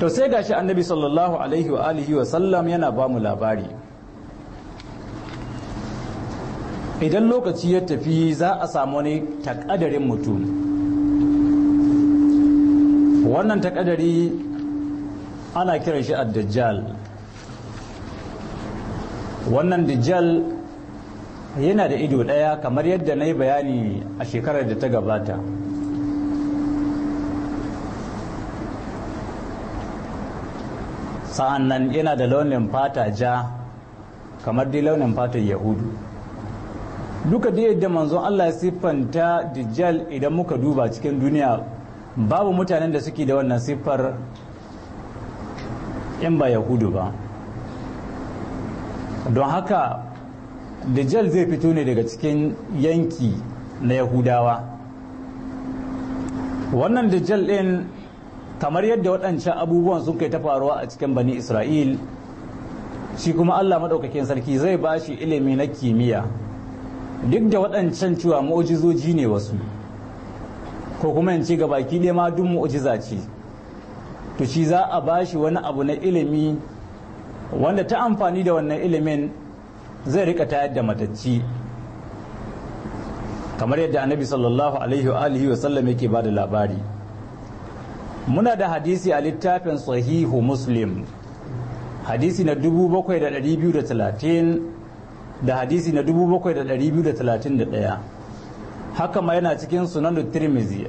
to sai gashi annabi sallallahu alaihi wa alihi wa sallam yana ba mu labari idan lokaci ya tafi za a samu wani takadarin mutum wannan takadari ana kiran shi ad-dajjal wannan dajjal yana da ido ɗaya kamar yadda na yi bayani a shekarar da ta gabata sa'an nan yana da launin fata ja kamar dai launin fatar yahudu duka da yadda manzon allah ya siffanta dijjal idan muka duba cikin duniya babu mutanen da suke da wannan siffar in ba yahudu ba don haka dijjal zai fito ne daga cikin yanki na yahudawa wannan dijjal ɗin kamar yadda waɗancan abubuwan sun kai ta faruwa a cikin bani isra'il shi kuma allah maɗaukakin sarki zai ba shi ilimi na kimiyya duk da waɗancan cewa ma'ujizoji ne wasu ko kuma in ga baki ɗaya ma duk ma'ujiza ce to shi za a ba shi wani abu na ilimi wanda ta amfani da wannan ilimin zai rika tayar da matacci kamar yadda annabi sallallahu alaihi wa wa sallam yake ba da labari muna da hadisi a littafin sahihu muslim hadisi na 7230 da hadisi na 7231 haka ma yana cikin sunan tirmizi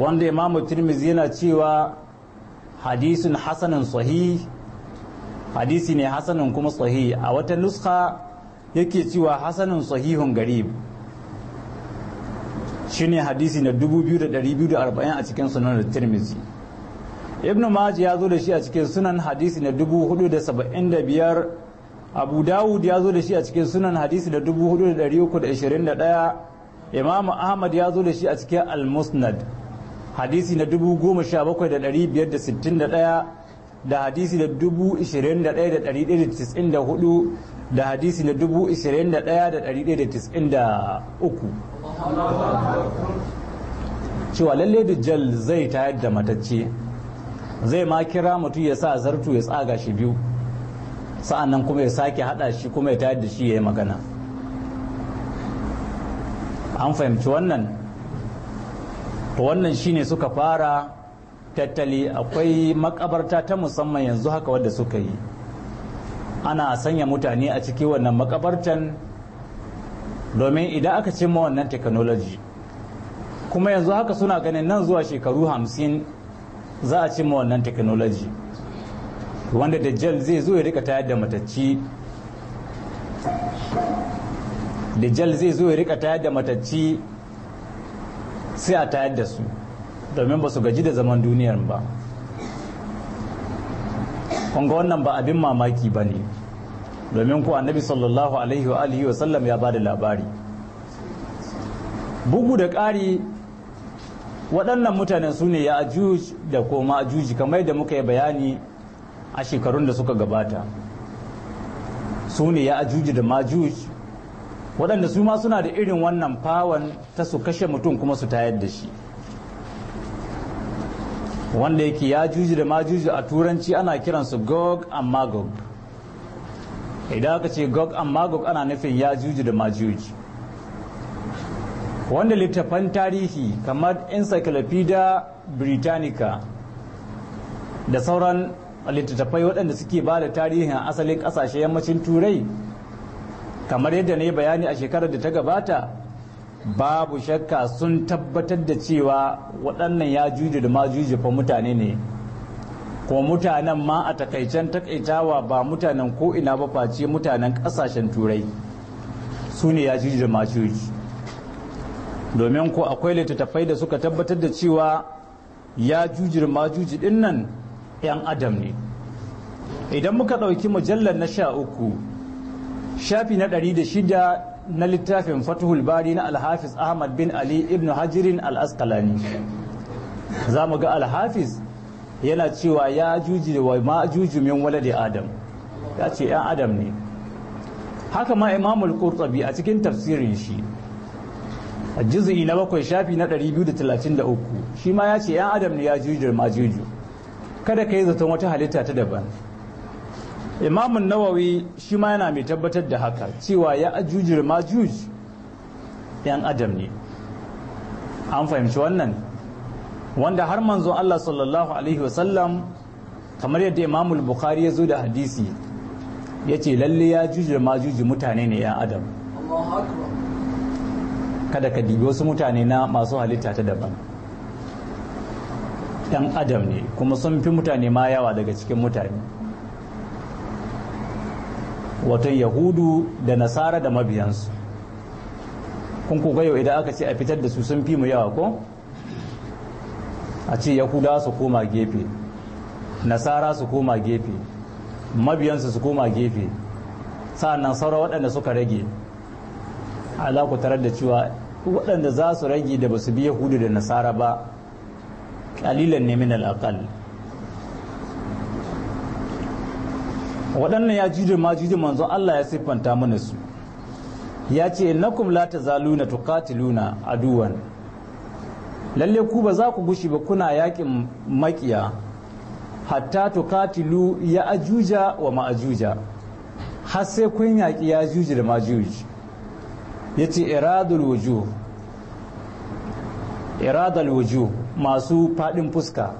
wanda imamu tirmizi yana cewa hadisun hasanin sahih hadisi ne hasanin kuma sahih a wata nuska yake cewa hasanin sahihun garib shine hadisi na 2240 a cikin sunan tirmizi ibnu maji ya zo da shi a cikin sunan hadisi na 475 abu dawud ya zo da shi a cikin sunan hadisi na 4321 imamu ahmad ya zo da shi a cikin al-musnad hadisi na 17561 da hadisi na 21194 da hadisi na 21193 cewa lalle jal zai tayar da matacce zai ma kira mutum ya sa zartu ya tsaga shi biyu sa'an nan kuma ya sake hada shi kuma ya tayar da shi ya yi magana an fahimci wannan to wannan shine suka fara tattali akwai makabarta ta musamman yanzu haka wadda suka yi ana sanya mutane a ciki wannan makabartan domin idan aka cimma wannan technology kuma yanzu haka suna ganin nan zuwa shekaru hamsin za a cimma wannan technology wanda dajjal zai zo ya rika tayar da matacci dajjal zai zo ya rika tayar da matacci sai a tayar da su domin ba su gaji da zaman duniyar ba kunga wannan ba abin mamaki ba ne domin ku annabi sallallahu alaihi wa alihi wa sallam ya bada labari bugu da ƙari waɗannan mutanen su ne ya ajuj da koma ajuji kamar da muka yi bayani a shekarun da suka gabata su ne ya ajuji da majuj waɗanda su ma suna da irin wannan fawon ta su kashe mutum kuma su tayar da shi wanda yake ya juji da majuji a turanci ana kiransu gog and magog idan aka ce gog an magog ana nufin ya juji da majuji wanda littafan tarihi kamar encyclopedia britannica da sauran littattafai waɗanda suke ba da tarihin asalin ƙasashe yammacin turai kamar yadda na yi bayani a shekarar da ta gabata babu shakka sun tabbatar da cewa waɗannan ya juji da majuji fa mutane ne ko mutanen ma a takaicen takaitawa ba mutanen ko ina ba face mutanen kasashen turai su ne ya da domin ko akwai littattafai da suka tabbatar da cewa ya jujir majuji din nan 'yan adam ne idan muka ɗauki mujallar na sha uku shafi na ɗari da shida na littafin fatuhul bari na alhafiz ahmad bin ali ibn hajirin al askalani za mu ga alhafiz yana cewa ya juji wa ma jujumin min walade adam ya ce yan adam ne haka ma imamul kurtabi a cikin tafsirin shi a juz'i na bakwai shafi na 233 shi ma ya ce yan adam ne ya juju ma juju kada ka yi zaton wata halitta ta daban imamun nawawi shi ma yana mai tabbatar da haka cewa ya jujir ma juj yan adam ne an fahimci wannan wanda har manzo Allah sallallahu alaihi wasallam kamar yadda Imam al bukhari ya zo da hadisi yace ce lalle ya juji majuji mutane ne ya adam kada ka dibi wasu mutane na masu halitta ta daban ɗan adam ne kuma sun fi mutane ma yawa daga cikin mutane wato yahudu da nasara da mabiyansu kun yau idan aka ce a fitar da su sun fi mu yawa ko? a ce yahuda su koma gefe nasara su koma gefe mabiyansu su koma gefe sa'annan saura waɗanda suka rage ala ku tarar da cewa waɗanda za su rage da ba su bi yahudu da nasara ba ƙalilan ne min al'aƙal waɗannan ya jujin ma jujin manzon Allah ya siffanta mana su ya ce innakum la zaluna tuqatiluna aduwan lalle ku ba za ku gushi ba kuna yakin makiya hatta tukatilu ya ajuja wa ma'ajuja har sai kun yaki ya juji da majuji ya ce iradul wuju masu faɗin fuska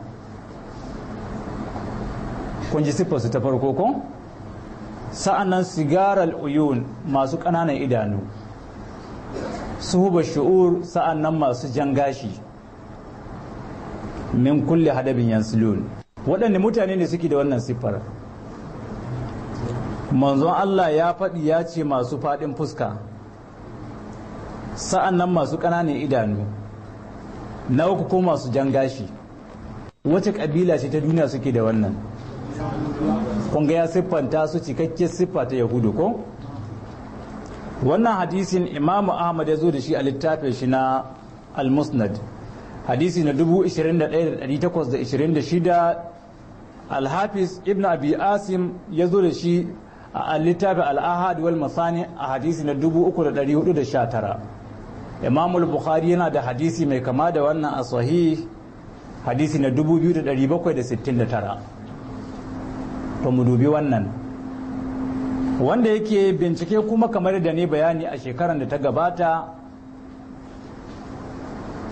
kun ji siffarsu ta farko kun sa'annan sigaral uyun masu ƙananan idanu su suhuba shu'ur sa'annan masu jan gashi min kulli hadabin yansilun waɗanne mutane ne suke da wannan siffar manzon Allah ya faɗi ya ce masu faɗin fuska sa'an nan masu ƙananan idanu na uku ko masu jan gashi wace ƙabila ce ta duniya suke da wannan Kun ga ya siffanta su cikakke siffa ta yahudu ko wannan hadisin imamu ahmad ya zo da shi a littafin shi na al-musnad hadisi na 21,826 alhafiz ibn abi asim ya zo da shi a littafi al'ahad wal masani a hadisi na 3,419 imamul bukhari yana da hadisi mai kama da wannan a sahih hadisi na 2,769 to mu dubi wannan wanda yake bincike kuma kamar da ne bayani a shekarar da ta gabata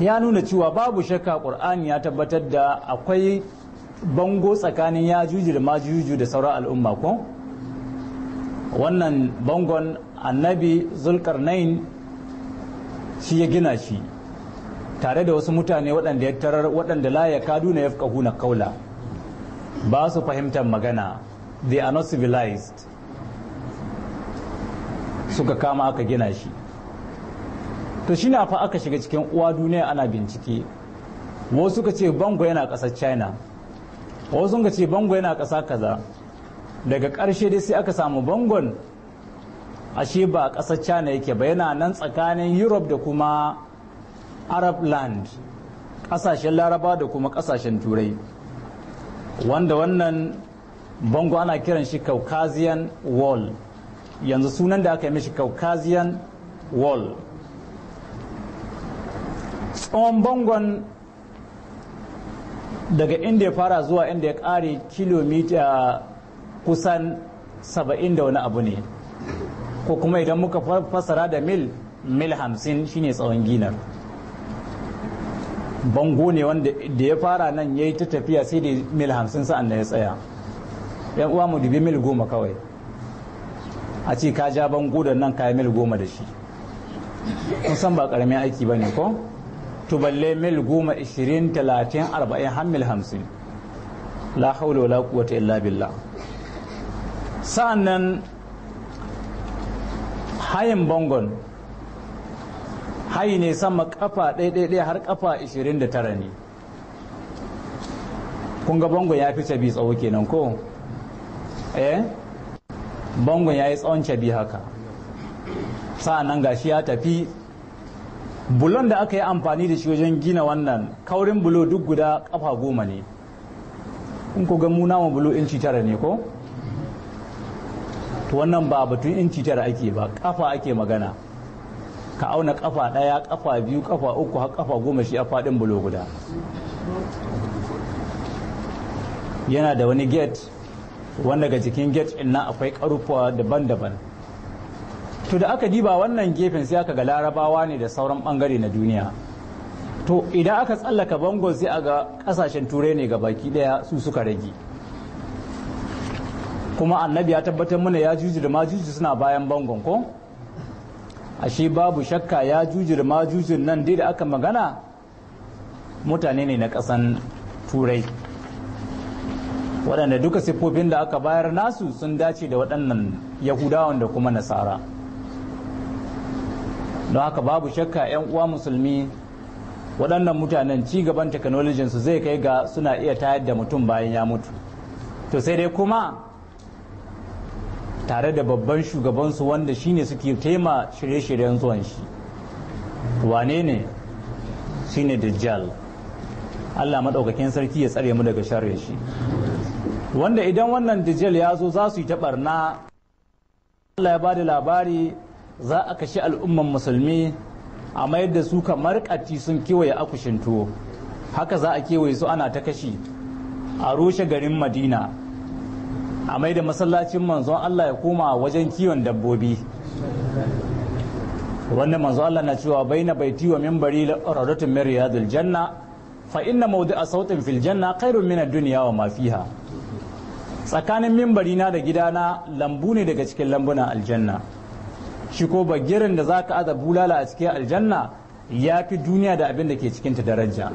ya nuna cewa babu shakka ƙur'ani ya tabbatar da akwai bango tsakanin ya juju da majuju da sauran al'umma ko wannan bangon annabi zulkarnain shi ya gina shi tare da wasu mutane waɗanda ya tarar waɗanda la ya kadu na ya na kaula ba su fahimtar magana they are not civilized suka kama aka gina shi to shi fa aka shiga cikin uwa duniya ana bincike wasu ka ce bango yana ƙasar china wasu ka ce bango yana ƙasa kaza daga ƙarshe dai sai aka samu bangon ashe ba ƙasar china yake ba yana nan tsakanin europe da kuma arab land ƙasashen laraba da kuma ƙasashen turai wanda wannan bango ana kiran shi caucasian wall yanzu sunan da aka yi mishi caucasian wall tsawon bangon daga inda ya fara zuwa inda ya kare kilomita kusan saba'in da wani abu ne ko kuma idan muka fasara da mil mil hamsin shine tsawon ginar bango ne wanda da ya fara nan ya yi ta tafiya sai da mil hamsin sa'an da ya tsaya yan uwa mu dubi mil goma kawai a ce ka ja bango da nan ka yi mil goma da shi kun san ba karamin aiki ba ne ko tuballe mil goma ishirin talatin arba'in har mil hamsin la haula wala quwwata illa billah sa'annan hayin bangon hayi ne sama kafa ɗaya har kafa tara ne kun ga bangon ya fi cabi tsawo kenan ko eh bangon ya yi tsawon cabi haka sa'annan gashi ya tafi bulon da aka yi amfani da shi wajen gina wannan kaurin bulo duk guda kafa goma ne in ko ga muna ma bulo inci tara ne ko to wannan ba batun inci tara ake ba kafa ake magana ka auna kafa daya kafa biyu kafa uku har kafa goma shi a fadin bulo guda yana da wani gate wanda ga jikin gate ɗin nan akwai karufa daban-daban to da aka diba wannan gefen sai aka ga larabawa ne da sauran bangare na duniya to idan aka tsallaka bango sai a ga kasashen turai ne ga baki daya su suka rage kuma annabi ya tabbatar mana ya juji da majuji suna bayan bangon ko ashe babu shakka ya juji da majujin nan dai da aka magana mutane ne na kasan turai waɗanda duka siffofin da aka bayar nasu sun dace da waɗannan yahudawan da kuma nasara don haka babu shakka 'yan uwa musulmi waɗannan mutanen ci gaban teknolojin su zai kai ga suna iya tayar da mutum bayan ya mutu to sai dai kuma tare da babban shugabansu wanda shine suke tema shirye-shiryen zuwan shi wane ne shine dajjal allah maɗaukakin sarki ya tsare mu daga sharri shi wanda idan wannan dajjal ya zo za su yi ta barna allah ya bada labari za a kashe al'umman musulmi a mayar da su kamar kati sun kewaye akushin tuwo haka za a kewaye su ana ta kashi a rushe garin madina a mai da masallacin manzon allah ya koma wajen kiwon dabbobi wannan manzon allah na cewa bai na baiti wa mimbari raudatun min riyadul janna fa inna a sautin fil janna khairun min ad wa ma fiha tsakanin mimbari na da gidana lambu ne daga cikin lambunan aljanna shi ko bagirin da zaka aza bulala a cikin aljanna ya fi duniya da abin da ke cikin ta daraja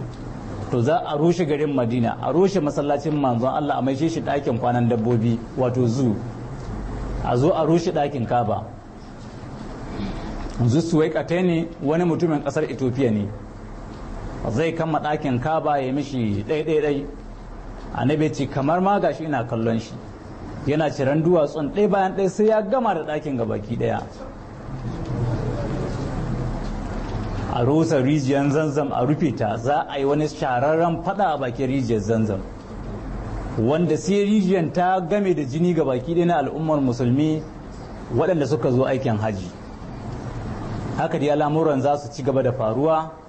to za a rushe garin madina a rushe masallacin manzon allah a maishe shi ɗakin kwanan dabbobi wato zu a zo a rushe ɗakin kaba zu katai ne wani mutumin ƙasar ethiopia ne zai kama ɗakin kaba ya mishi a annabi ce kamar ma gashi ina kallon shi yana ciran duwatsun ɗai bayan ɗai sai ya gama da ɗakin gabaki ɗaya a rusa rijiyar zanzam a rufe ta za a yi wani shararren fada a bakin rijiyar zanzam wanda sai rijiyar ta game da jini ga baki ɗaya na al'ummar musulmi waɗanda suka zo aikin haji haka dai al'amuran za su ci gaba da faruwa